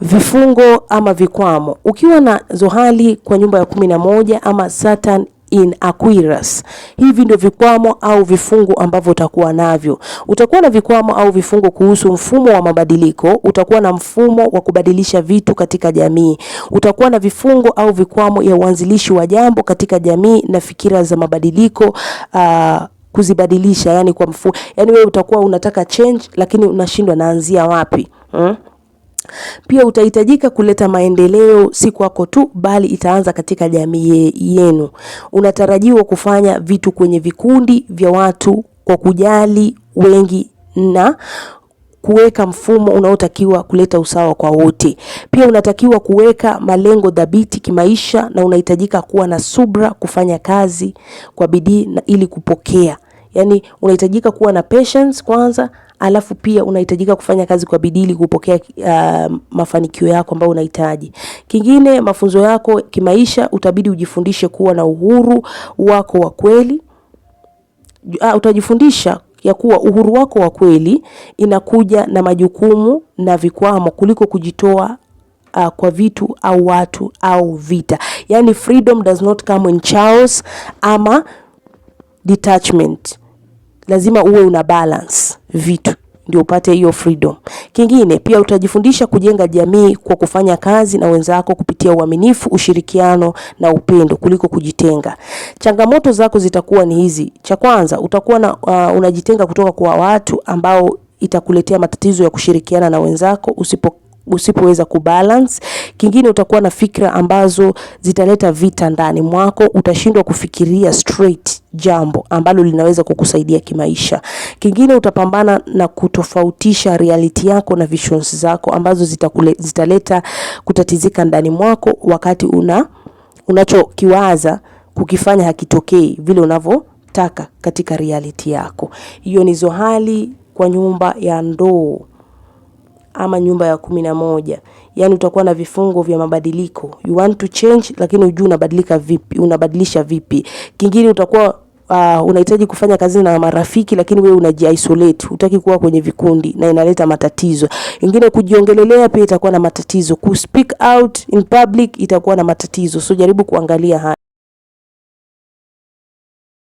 Vifungo ama vikwamo, ukiwa na zohali kwa nyumba ya kumi na moja ama Saturn in Aquarius. Hivi ndio vikwamo au vifungo ambavyo utakuwa navyo. Utakuwa na vikwamo au vifungo kuhusu mfumo wa mabadiliko, utakuwa na mfumo wa kubadilisha vitu katika jamii, utakuwa na vifungo au vikwamo ya uanzilishi wa jambo katika jamii na fikira za mabadiliko aa, ah, kuzibadilisha yani, kwa mfu, yani wewe utakuwa unataka change lakini unashindwa naanzia wapi hmm? Pia utahitajika kuleta maendeleo si kwako tu, bali itaanza katika jamii yenu. Unatarajiwa kufanya vitu kwenye vikundi vya watu kwa kujali wengi na kuweka mfumo unaotakiwa kuleta usawa kwa wote. Pia unatakiwa kuweka malengo dhabiti kimaisha, na unahitajika kuwa na subra, kufanya kazi kwa bidii ili kupokea. Yaani unahitajika kuwa na patience kwanza alafu pia unahitajika kufanya kazi kwa bidii kupokea uh, mafanikio yako ambayo unahitaji. Kingine, mafunzo yako kimaisha, utabidi ujifundishe kuwa na uhuru wako wa kweli. Uh, utajifundisha ya kuwa uhuru wako wa kweli inakuja na majukumu na vikwamo kuliko kujitoa Uh, kwa vitu au watu au vita. Yani, freedom does not come in chaos ama detachment lazima uwe una balance vitu ndio upate hiyo freedom. Kingine pia utajifundisha kujenga jamii kwa kufanya kazi na wenzako kupitia uaminifu, ushirikiano na upendo kuliko kujitenga. Changamoto zako zitakuwa ni hizi. Cha kwanza utakuwa na uh, unajitenga kutoka kwa watu ambao itakuletea matatizo ya kushirikiana na wenzako usipo usipoweza kubalance. Kingine utakuwa na fikra ambazo zitaleta vita ndani mwako, utashindwa kufikiria straight jambo ambalo linaweza kukusaidia kimaisha. Kingine utapambana na kutofautisha reality yako na visions zako ambazo zitakule, zitaleta kutatizika ndani mwako wakati una unachokiwaza kukifanya hakitokei vile unavyotaka katika reality yako. Hiyo ni zohali kwa nyumba ya ndoo ama nyumba ya kumi na moja. Yaani utakuwa na vifungo vya mabadiliko. You want to change lakini hujui unabadilika vipi, unabadilisha vipi. Kingine utakuwa uh, unahitaji kufanya kazi na marafiki, lakini wewe unajiisolate, hutaki kuwa kwenye vikundi na inaleta matatizo. Ingine kujiongelelea pia itakuwa na matatizo. Ku speak out in public itakuwa na matatizo. So jaribu kuangalia haya.